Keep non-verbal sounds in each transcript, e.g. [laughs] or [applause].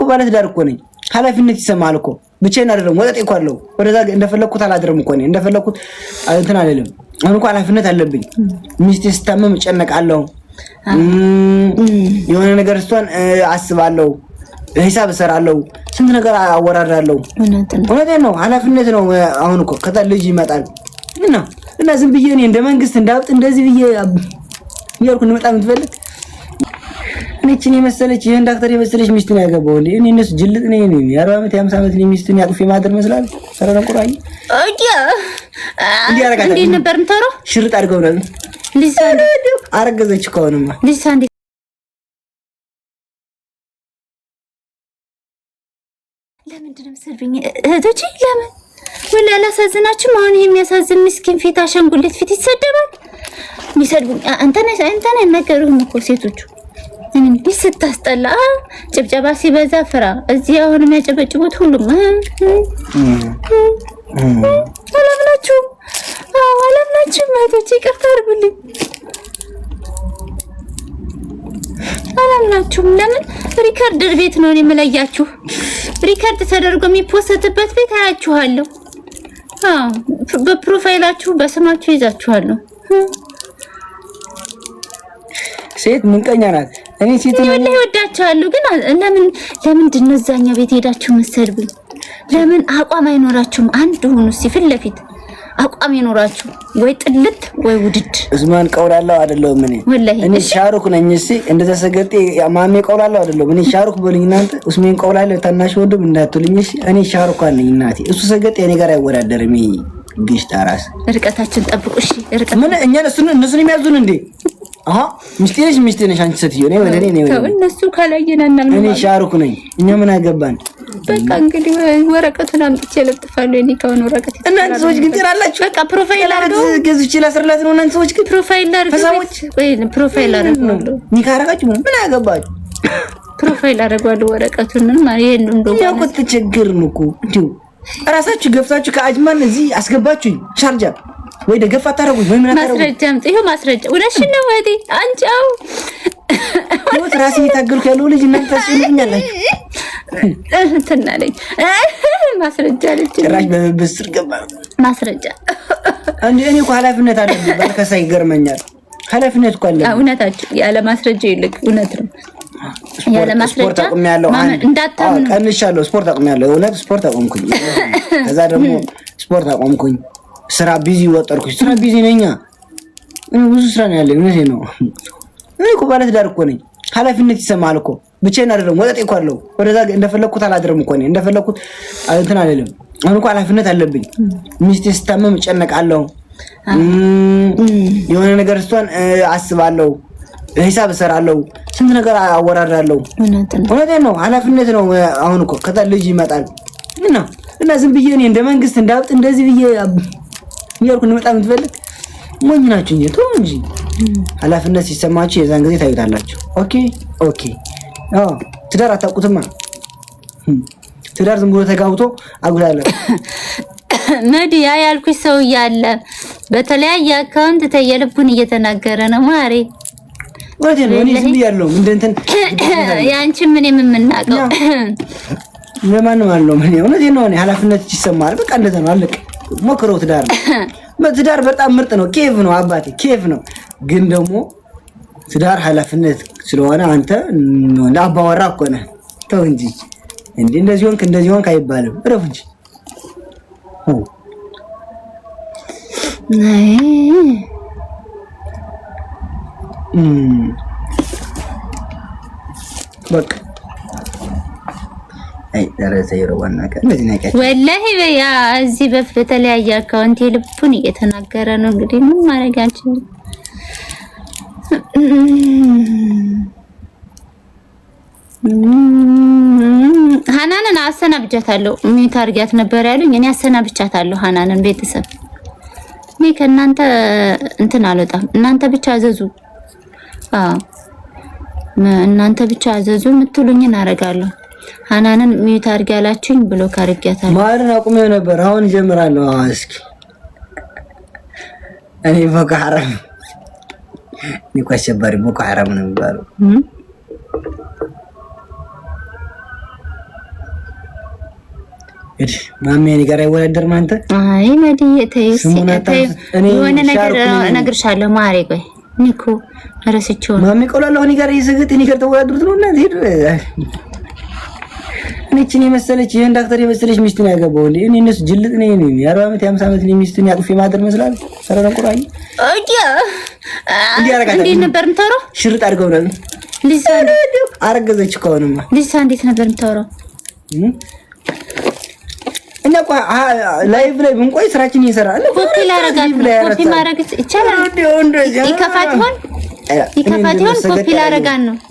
እኮ ባለትዳር እኮ ነኝ። ኃላፊነት ይሰማል እኮ ብቻዬን አይደለም። ወጠጤ እኮ አለው ወደዛ እንደፈለግኩት አላድርም እኮ እኔ እንደፈለግኩት እንትን አልልም። አሁን እኮ ኃላፊነት አለብኝ። ሚስቴ ስታመም እጨነቃለሁ። የሆነ ነገር ስቷን አስባለሁ። ሂሳብ እሰራለሁ። ስንት ነገር አወራራለሁ። እውነቴን ነው። ኃላፊነት ነው። አሁን እኮ ከዛ ልጅ ይመጣል እና እና ዝም ብዬ እኔ እንደ መንግስት እንዳብጥ እንደዚህ ብዬ እያልኩ እንመጣ የምትፈልግ ግን የመሰለች ይህን ዳክተር የመሰለች ሚስትን ነው እንዴ? እኔ እነሱ ጅልጥ ነኝ ነኝ የአርባ ዓመት የአምሳ ዓመት ሚስትን ያቅፌ ማድር መስላል። ሰረረ ቁራኝ እንዴ ነበር ምታረው? ሽርጥ አድርገው ነው አረገዘች። ከሆንማ ለምንድነው ሰድብኝ እህቶች? ለምን ወላ አላሳዝናችሁም? አሁን ይሄ የሚያሳዝን ምስኪን ፊት አሸንጉሌት ፊት ይሰደባል። ሚሰድቡኝ አንተነ አንተነ ነገሩህም እኮ ሴቶቹ እንዲህ ስታስጠላ ጭብጨባ ሲበዛ ፍራ። እዚህ አሁን የሚያጨበጭቡት ሁሉም አላምናችሁም። አዎ አላምናችሁም። እህቶቼ ይቅርታ አድርጉልኝ። አላምናችሁም። ለምን ሪከርድ ቤት ነው የምለያችሁ? ሪከርድ ተደርጎ የሚፖሰትበት ቤት አያችኋለሁ። በፕሮፋይላችሁ በስማችሁ ይዛችኋለሁ። ሴት ምንቀኛ ናት። እኔ ሴት ነኝ ወዳቸዋለሁ። ግን ለምን ለምን እንደዛኛ ቤት ሄዳችሁ መሰድብኝ? ለምን አቋም አይኖራችሁም? አንድ ሁኑ። እስኪ ፊት ለፊት አቋም ይኖራችሁ ወይ ጥልት ወይ ውድድ። እዝማን ቀውላለሁ አይደለሁም እኔ እኔ ሻሩክ ነኝ። እሺ እንደዛ ሰገጤ ማሜ ቀውላለሁ አይደለሁም እኔ ሻሩክ በሉኝ እናንተ። ኡስሜን ቀውላለሁ ታናሽ ወንድም እንዳትሉኝ እሺ። እኔ ሻሩክ አለኝ እናቴ። እሱ ሰገጤ እኔ ጋር አይወዳደርም። ግሽጣ ታራስ እርቀታችን ጠብቁ እሺ። እርቀት ምን እኛን እሱን እነሱን የሚያዙን እንዴ ሚስቴ ነሽ፣ ሚስቴ ነሽ አንቺ ሴትዮ። እኔ ወደ እኔ እነሱ ካላየናና እኔ ሻሩክ ነኝ። እኛ ምን አገባን? በቃ እንግዲህ ወረቀቱን አምጥቼ ለጥፋለሁ። እኔ ከሆነ ወረቀት እናንተ ሰዎች ግን ትራላችሁ። በቃ ፕሮፋይል አድርገው ገዝቼ ላስርላት ነው። እናንተ ሰዎች ግን ፕሮፋይል አድርገው ፕሮፋይል አድርገው ኒካ አረጋችሁ። ምን አገባችሁ? ፕሮፋይል አደርገዋለሁ ወረቀቱን። ይሄን እንደሆነ ያው ተቸገርን እኮ እንዲሁ እራሳችሁ ገብታችሁ ከአጅማን እዚህ አስገባችሁኝ ሻርጃ ወይ ደገፍ አታረጉኝ ወይ ምን አታረጉኝ። ማስረጃም ማስረጃ እውነትሽን ነው ወዲ አንጫው ወት ራሴ የታገልኩ ያለው ልጅ እናንተ ታስሉኛላችሁ። እንትናለኝ ማስረጃ ልጅ ጭራሽ በብስር ገባ ማስረጃ እንዴ! እኔ እኮ ኃላፊነት አለብኝ። ባልከሳ ይገርመኛል። ኃላፊነት እኮ አለብኝ። እውነታችሁ ያለ ማስረጃ ይልቅ እውነት ነው። ያለ ማስረጃ እንዳታምኑ። ቀንሻለሁ። ስፖርት አቁሜያለሁ። እውነት ስፖርት አቆምኩኝ። ከዛ ደግሞ ስፖርት አቆምኩኝ። ስራ ቢዚ ወጠርኩኝ። ስራ ቢዚ ነኛ። እኔ ብዙ ስራ ነው ያለኝ። እውነቴን ነው። እኔ እኮ ባለትዳር እኮ ነኝ። ኃላፊነት ይሰማል እኮ ብቻዬን አይደለም። ወጠጤ እኮ አለው። ወደዛ እንደፈለግኩት አላድርም እኮ እኔ እንደፈለግኩት እንትን አይደለም። አሁን እኮ ኃላፊነት አለብኝ። ሚስቴ ስታመም እጨነቃለሁ። የሆነ ነገር እሷን አስባለሁ። ሂሳብ እሰራለሁ። ስንት ነገር አወራራለው እውነቴን ነው። ኃላፊነት ነው። አሁን እኮ ከዛ ልጅ ይመጣል እና እና ዝም ብዬ እኔ እንደ መንግስት እንዳብጥ እንደዚህ ብዬ እያልኩ እንመጣ የምትፈልግ ሞኝ ናችሁ እንጂ ተው እንጂ። ኃላፊነት ሲሰማችሁ የዛን ጊዜ ታዩታላችሁ። ኦኬ ኦኬ። ትዳር አታውቁትማ። ትዳር ዝም ብሎ ተጋብቶ አጉዳለ [coughs] መዲያ ያልኩሽ ሰው እያለ በተለያየ አካውንት ተየልቡን እየተናገረ ነው ማሬ ወዴት ነው እኔ ዝም ያለው እንደንተን [coughs] ያንቺ ምን የምናቀው ለማንም አለው ምን እውነቴን ነው። እኔ ኃላፊነት ይሰማል። በቃ እንደዛ ነው አለቀ። ሞክረው። ትዳር ነው [laughs] ትዳር በጣም ምርጥ ነው። ኬፍ ነው አባቴ ኬፍ ነው። ግን ደግሞ ትዳር ኃላፊነት ስለሆነ አንተ ለአባወራ እኮ ነህ። ተው እንጂ እንዲ እንደዚህ ሆንክ እንደዚህ ሆንክ አይባልም። እረፍ እንጂ በቃ ወላሂ በያ እዚህ በተለያየ አካውንት ልቡን እየተናገረ ነው። እንግዲህ ምን ማድረግ ሀናንን አድርጊያት ነበር ያሉኝ። እኔ አሰናብቻታለሁ ሀናንን። ቤተሰብ እኔ ከእናንተ እንትን አልወጣም። እናንተ ብቻ አዘዙ፣ እናንተ ብቻ አዘዙ የምትሉኝን አደርጋለሁ። ሀናንን ሚዩት አድርጊ ያላችሁኝ ብሎ ካርጊያታል። ማርን አቁሜው ነበር። አሁን እጀምራለሁ። እስኪ እኔ ቦኮ ሐራም እኔ እኮ አሸባሪ ቦኮ ሐራም ነው የሚባለው። ማሜ እኔ ጋር አይወዳደርም። አንተ አይ መድዬ የሆነ ነገር እነግርሻለሁ። ማሬ ቆይ እኔ እኮ እረስቼው ነው ማሜ ቆላለሁ። እኔ ጋር እየዘገጠ እኔ ጋር ተወዳድሩት ነው እና ሄድ እኔችን የመሰለች ይህን ዳክተር የመሰለች ሚስትን ያገባው እኔ እነሱ ጅልጥ ነ የአርባ ዓመት የአምሳ ዓመት ሚስትን ያቅፌ ማደር መስላል ሰረረ ቁራኝ እንዲህ ነበር የምታወራው። ሽርጥ አድርገው ነበር አረገዘች። ከሆንማ ልጅሳ እንዴት ነበር የምታወራው? እኛ እኮ ላይቭ ላይ ብንቆይ ስራችን እየሰራ አለ። ኮፒ ላረጋት ኮፒ ማድረግ ይቻላል። ይከፋት ይሆን ይከፋት ይሆን ኮፒ ላረጋን ነው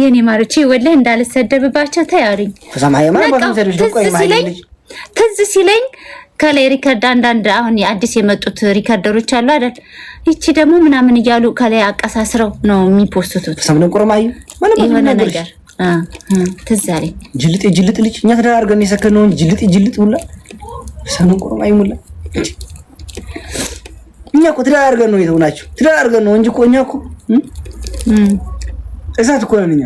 የኔ ማርቼ ወላይ እንዳልሰደብባቸው ተያሪኝ ትዝ ሲለኝ ከላይ ሪከርድ አንዳንድ አሁን አዲስ የመጡት ሪከርደሮች አሉ አይደል? ይቺ ደግሞ ምናምን እያሉ ከላይ አቀሳስረው ነው የሚፖስቱት። የሆነ ነገር ትዝ አለኝ። ጅልጥ ጅልጥ ልጅ እኛ ተደራርገን የሰከን ነው ጅልጥ ጅልጥ ሰምን ሙላ እኛ እኮ ነው የተውናቸው። ነው እንጂ እኮ እኛ እኮ እሳት እኮ ነን እኛ።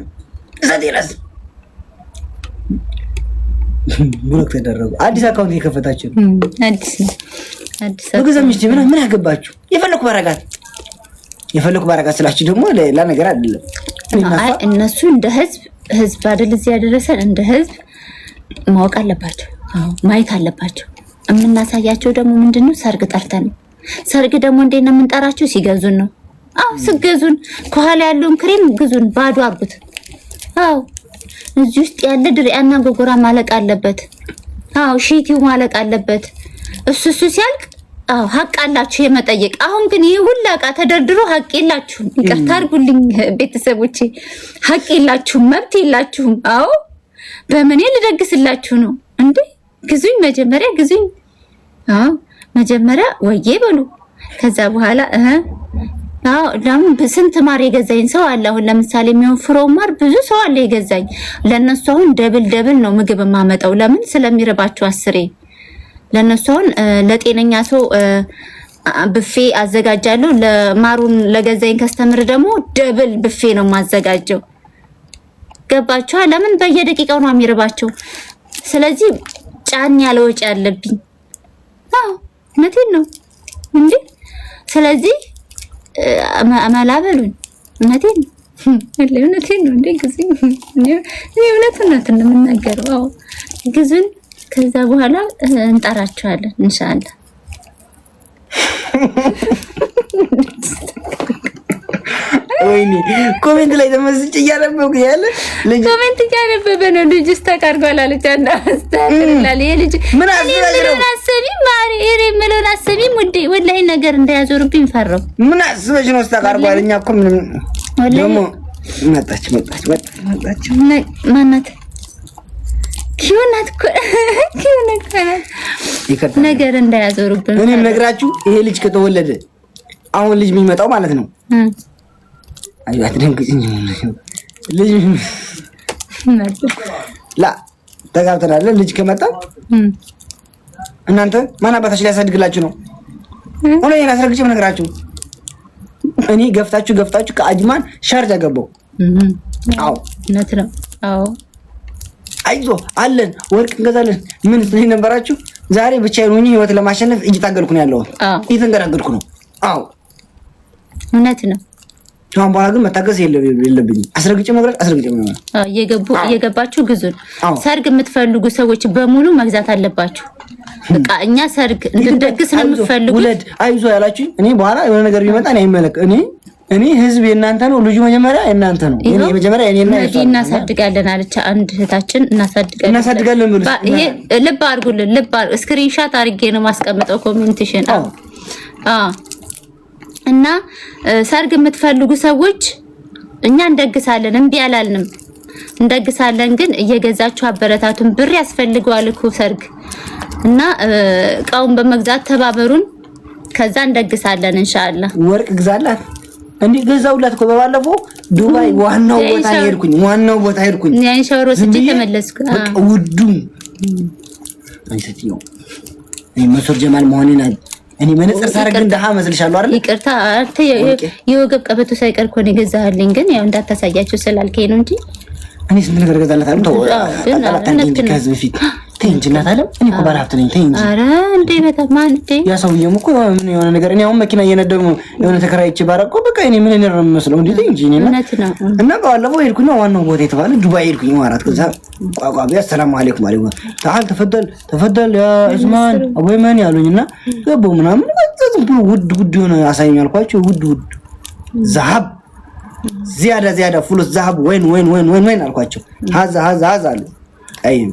እሳት ይላስ ብሎክ ተደረጉ። አዲስ አካውንት እየከፈታችሁ አዲስ አዲስ በገዛ ሚስቴ ምን ምን አገባችሁ? የፈለኩ ባረጋት የፈለኩ ባረጋት ስላችሁ ደግሞ ሌላ ነገር አይደለም። አይ እነሱ እንደ ህዝብ ህዝብ አይደል እዚህ ያደረሰን እንደ ህዝብ ማወቅ አለባቸው፣ ማየት አለባቸው። የምናሳያቸው ደግሞ ምንድነው ሰርግ ጠርተን ሰርግ ደግሞ እንዴት ነው የምንጠራቸው? ሲገዙን ነው አዎ ስገዙን ከኋላ ያለውን ክሬም ግዙን፣ ባዶ አጉት። አዎ እዚህ ውስጥ ያለ ድሪያና ጎጎራ ማለቅ አለበት። አዎ ሺቲው ማለቅ አለበት። እሱ እሱ ሲያልቅ አዎ ሀቅ አላችሁ የመጠየቅ። አሁን ግን ይህ ሁላ እቃ ተደርድሮ ሀቅ የላችሁም። ይቅርታ አድርጉልኝ ቤተሰቦቼ፣ ሀቅ የላችሁም፣ መብት የላችሁም። አዎ በምኔ ልደግስላችሁ ነው እንዴ? ግዙኝ፣ መጀመሪያ ግዙኝ። አዎ መጀመሪያ ወዬ በሉ፣ ከዛ በኋላ ለምን በስንት ማር የገዛኝ ሰው አለ። አሁን ለምሳሌ የሚሆን ፍሮ ማር ብዙ ሰው አለ የገዛኝ። ለእነሱ አሁን ደብል ደብል ነው ምግብ የማመጣው። ለምን ስለሚርባቸው አስሬ ለእነሱ አሁን ለጤነኛ ሰው ብፌ አዘጋጃለሁ። ለማሩን ለገዛኝ ከስተምር ደግሞ ደብል ብፌ ነው የማዘጋጀው። ገባችኋ? ለምን በየደቂቃው ነው የሚርባቸው። ስለዚህ ጫን ያለ ወጪ አለብኝ። አዎ እውነቴን ነው እንዴ። ስለዚህ መላበሉኝ እውነቴን እውነቴን ነው እንዴ ጊዜ እኔ እውነት እውነትን ነው የምናገረው። አዎ ግዝን ከዛ በኋላ እንጠራቸዋለን ኢንሻአላህ። ወይኔ ኮሜንት ላይ ተመስጭ እያነበብኩ ያለ ኮሜንት እያነበበ ነው። ልጅ ስተቃርጓል አለች። ምለውን ሙዴ ወላሂ ነገር እንዳያዞርብኝ ፈረው። ምን አስበሽ ነው ስተካርጓል? እኛ እኮ ምንም ደግሞ መጣች መጣች መጣች። ማናት? ኪዩናት [laughs] ኪዩናት ነገር እንዳያዞርብን። እኔም ነግራችሁ ይሄ ልጅ ከተወለደ አሁን ልጅ የሚመጣው ማለት ነው ተጋብተናል። ልጅ ከመጣ እናንተ ማን አባታችሁ ሊያሳድግላችሁ ነው? ሆነ አስረግጬ ነገራችሁ። እኔ ገፍታችሁ ገፍታችሁ ከአጅማን ሻርጃ ያገባው አዎ እውነት ነው። አዎ አይዞ አለን፣ ወርቅ እንገዛለን። ምን ስለይ ነበራችሁ? ዛሬ ብቻዬን ሆኜ ህይወት ለማሸነፍ እየታገልኩ ነው ያለሁት፣ እየተንገዳገድኩ ነው። አዎ እውነት ነው። አሁን በኋላ ግን መታገስ የለብኝ። አስረግጭ መግረጥ አስረግጭ እየገባችሁ ግዙን። ሰርግ የምትፈልጉ ሰዎች በሙሉ መግዛት አለባችሁ። በቃ እኛ ሰርግ እንድንደግስ ነው የምትፈልጉ። ውለድ አይዞ ያላችሁ እኔ በኋላ የሆነ ነገር ቢመጣ አይመለክ እኔ እኔ ህዝብ የእናንተ ነው። ልጁ መጀመሪያ የእናንተ ነው። መጀመሪያ እናሳድጋለን አለች አንድ እህታችን። እናሳድጋለን ይሄ ልብ አድርጉልን። ልብ ስክሪንሻት አድርጌ ነው ማስቀምጠው ኮሚኒቲሽን እና ሰርግ የምትፈልጉ ሰዎች እኛ እንደግሳለን፣ እምቢ አላልንም፣ እንደግሳለን። ግን እየገዛችሁ አበረታቱን። ብር ያስፈልገዋል እኮ ሰርግ እና እቃውን በመግዛት ተባበሩን። ከዛ እንደግሳለን ኢንሻአላህ። ወርቅ ግዛላት እንዴ ገዛውላት እኮ በባለፈው ዱባይ ዋናው ቦታ ሄድኩኝ፣ ዋናው ቦታ ሄድኩኝ። ያን ሻወር ወስጄ ተመለስኩ። ውዱም ውዱ አይ አይ መሶር ጀማል መሆኔን እኔ መነጽር ሳደርግ ግን ደሃ እመስልሻለሁ አይደል? ይቅርታ አንተ የወገብ ቀበቶ ሳይቀር እኮ ነው የገዛህልኝ፣ ግን ያው እንዳታሳያቸው ስላልከኝ ነው እንጂ እኔ ስንት ነገር እገዛለታለሁ። ተው አላታንኝ ከህዝብ ፊት ተይ እንጂ እናት አለም እኔ እኮ ባለሀብት ነኝ። ተይ እንጂ ያ ሰውዬም እኮ ምን የሆነ ነገር እኔ አሁን መኪና እየነደው የሆነ ተከራይቼ ባረቅ እኮ በቃ እኔ ምን ነው የምመስለው? እንዴ ተይ እንጂ እና ባለፈው ሄድኩኝ ዋናው ቦታ የተባለ ዱባይ ሄድኩኝ ማራት ከዛ ቋቋ ቢያ ሰላም አለይኩም አለይኩም ታል ተፈደል ተፈደል ያ እስማን አቦይ ማን ያሉኝ እና ገባሁ ምናምን ዝም ብሎ ውድ ውድ የሆነ አሳይኝ አልኳቸው። ውድ ውድ ዛሀብ ዚያዳ ዚያዳ ፍሉስ ዛሀብ ወይን ወይን ወይን ወይን አልኳቸው። ሀዛ ሀዛ ሀዛ አሉ አይም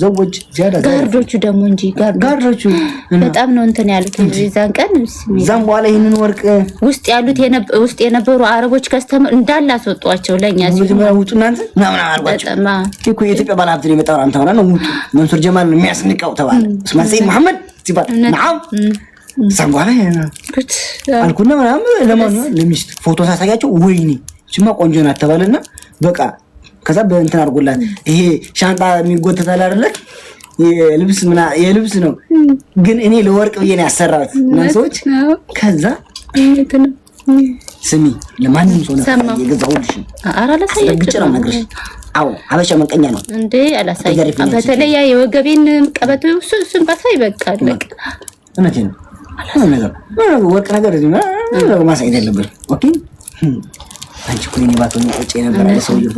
ዘወጅ ጋርዶቹ ደግሞ እንጂ ጋርዶቹ በጣም ነው እንትን ያሉት ዛን ቀን ዛም በኋላ ይህንን ወርቅ ውስጥ ያሉት ውስጥ የነበሩ አረቦች ከስተምር እንዳለ አስወጧቸው። ለእኛ ውጡ እናንተ ምናምን አርጓቸው እኮ የኢትዮጵያ ባለሀብት የመጣ አንተ ሆና ነው ውጡ መንሱር ጀማል ነው የሚያስንቀው ተባለ። ስማ ሰይድ መሐመድ ሲባል ናም ዛም በኋላ አልኩና ምናምን ለማን ለሚስት ፎቶ ሳሳያቸው ወይኔ ስማ ቆንጆ ናት ተባለና በቃ ከዛ በእንትን አድርጎላት ይሄ ሻንጣ የሚጎተታል አይደለ? የልብስ ምና የልብስ ነው ግን እኔ ለወርቅ ብዬ ነው ያሰራት እና ሰዎች ከዛ ስሚ ለማንም ሰው ነው የገዛሁልሽ። ኧረ አላሳየችም። ግጭ ነው የምነግርሽ። አዎ አበሻ መቀኛ ነው እንዴ? አላሳየችም። በተለይ ያ የወገቤን ቀበቶ እሱ እሱን ባሳይ ይበቃል። በቃ እውነቴን ነው። ወርቅ ነገር ማሳየት ያለብን ኦኬ አንቺ እኮ የእኔ ባትሆኚ ቆጭ ነበር ሰውዬው።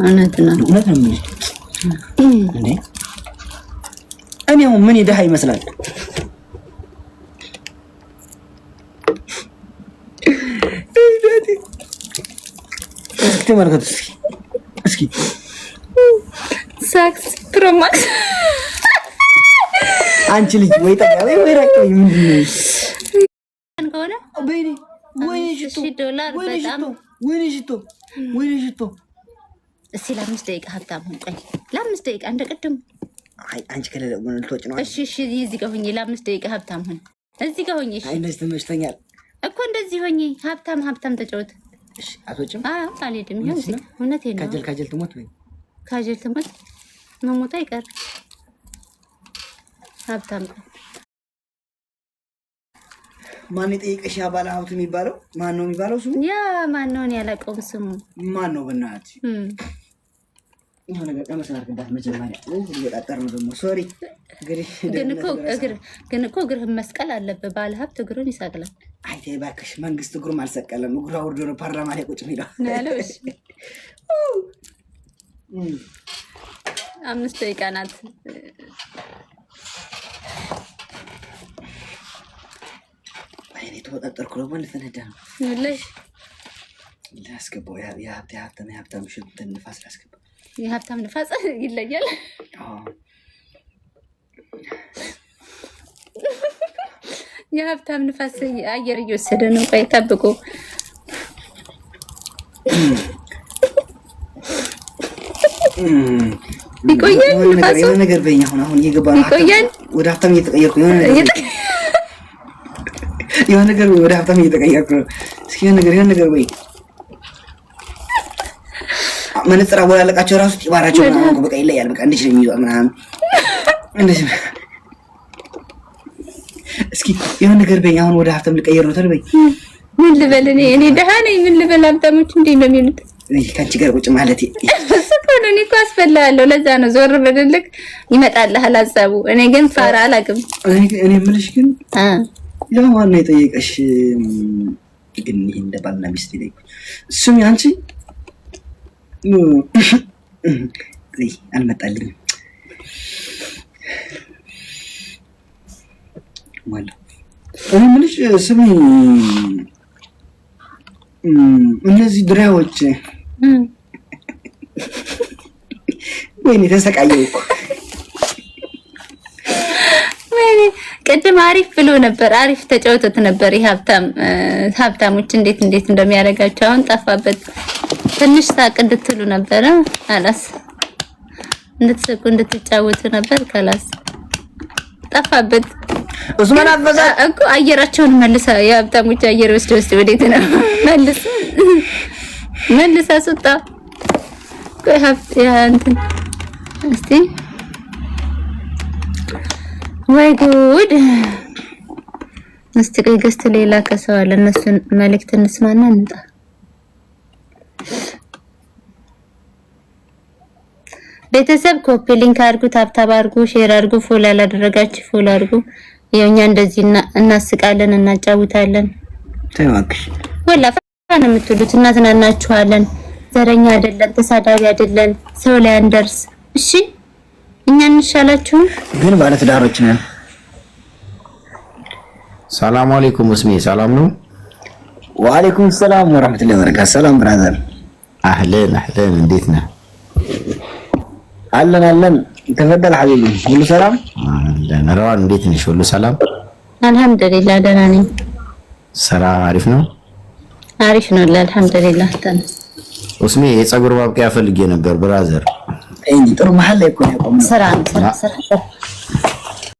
እኔ አሁን ምን ድሃ ይመስላል? ተመልከቱ እስኪ ሳክስ ፕሮማክስ አንቺ ልጅ ወይ ጠጋቢ ወይ ራቂ ምንድን ነው? ወይኔ ሽቶ ወይኔ ሽቶ። እስኪ ለአምስት ደቂቃ ሀብታም ሁን። ቆይ ለአምስት ደቂቃ እንደ ቅድሙ። አይ አንቺ ከሌለ ልትወጪ ነው። እሺ እሺ፣ እዚህ ጋር ሆኜ ለአምስት ደቂቃ ሀብታም ሁን። እዚህ ጋር ሆኜ። እሺ እንደዚህ ትመችተኛል እኮ እንደዚህ ሆኜ ሀብታም ሀብታም ተጫወት። እሺ አትወጪም? አዎ አልሄድም። ይኸው እዚህ እውነቴን ነው። ካጀል ካጀል ትሞት ወይ ካጀል ትሞት መሞት አይቀርም ሀብታም ማን የጠየቀሽ? ያ ባለ ሀብቱ የሚባለው ማን ነው የሚባለው? ስሙ ያ ማን ነው? ያላቀውም ስሙ ማን ነው? ብናት ግን እኮ እግርህ መስቀል አለብህ። ባለ ሀብት እግሩን ይሰቅላል። አይ ተይ እባክሽ፣ መንግስት እግሩም አልሰቀለም። እግሩ አውርዶ ነው ፓርላማ ላይ ቁጭ የሚለው። አምስት ደቂቃ ናት። የተወጣጠርኩ ደግሞ ልፈነዳ ነው። ላስገባው የሀብታም የሀብታም ሽንትን ንፋስ ላስገባ። የሀብታም ንፋስ [laughs] ይለያል። የሀብታም ንፋስ አየር እየወሰደ ነው። ቆይ ጠብቆ ይቆያል። ነገር በኛ አሁን አሁን እየገባ ይቆያል። ወደ ሀብታም እየተቀየርኩ የሆነ ነገር የሆነ ነገር ወደ ሀብታም እየተቀየርኩ ነው። እስኪ የሆነ ነገር የሆነ ነገር ወይ መነጽር አወላለቃቸው ራሱ ጢባራቸው በቃ ይለያል። በቃ እንደዚህ ነው የሚይዟት ምናምን እንደዚህ እስኪ የሆነ ነገር በይ። አሁን ወደ ሀብታም ልቀየር ነው ተልበይ። ምን ልበል እኔ እኔ ነኝ። ምን ልበል ሀብታሞች እንዴ ነው የሚሉት? ከአንቺ ጋር ቁጭ ማለት እኔ እኮ አስፈልሃለሁ። ለዛ ነው ዞር ብልልቅ ይመጣልሃል ሀሳቡ። እኔ ግን ፋራ አላውቅም። እኔ የምልሽ ግን ለማን ነው የጠየቀሽ? ግን ይሄ እንደ ባልና ሚስት ይለኝ። እሱም ያንቺ አልመጣልኝም ማለት እኔ የምልሽ ስሚ፣ እነዚህ ድሪያዎች ወይኔ ተሰቃየው እኮ ቅድም አሪፍ ብሎ ነበር። አሪፍ ተጫውቶት ነበር። የሀብታም ሀብታሞች እንዴት እንዴት እንደሚያደርጋቸው አሁን ጠፋበት። ትንሽ ሳቅ እንድትሉ ነበረ። አላስ እንድትስቁ እንድትጫወቱ ነበር። ከላስ ጠፋበት። ኡስማን አፈዛ እኮ አየራቸውን መልሳ የሀብታሞች አየር ወስድ ወስድ ወዴት ነው መልስ መልሳ ስጣ ቆይ ሀብት ያንተ እንትን እስቲ ወይ ጉድ! እስቲ ቆይ ገዝት ሌላ ከሰው አለ። እነሱን መልእክት እንስማና እንጣ። ቤተሰብ ኮፒ ሊንክ አድርጉ፣ ታብታብ አድርጉ፣ ሼር አድርጉ። ፎሎ ያላደረጋችሁ ፎሎ አድርጉ። የኛ እንደዚህ እናስቃለን፣ እናጫውታለን። ተማክሽ ወላ ፈራ ነው የምትሉት። እናዝናናችኋለን። ዘረኛ አይደለን፣ ተሳዳቢ አይደለን። ሰው ላይ አንደርስ። እሺ እኛ እንሻላችሁ ግን ባለትዳሮች ነን። ሰላም አለይኩም እስሜ ሰላም ነው። ወአለይኩም ሰላም ወራህመቱላሂ ወበረካቱ። ሰላም ብራዘር። አህለን አህለን፣ እንዴት ነህ? አለን አለን። ተፈደል ሐቢቢ ሁሉ ሰላም አለን። ረዋን እንዴት ነሽ? ሁሉ ሰላም አልሐምዱሊላህ፣ ደህና ነኝ። ስራ አሪፍ ነው? አሪፍ ነው አልሐምዱሊላህ። ተን እስሜ የፀጉር ማብቂያ ፈልጌ ነበር ብራዘር ጥሩ መሀል ላይ እኮ ነው ያቆምነው። ስራ ስራ ስራ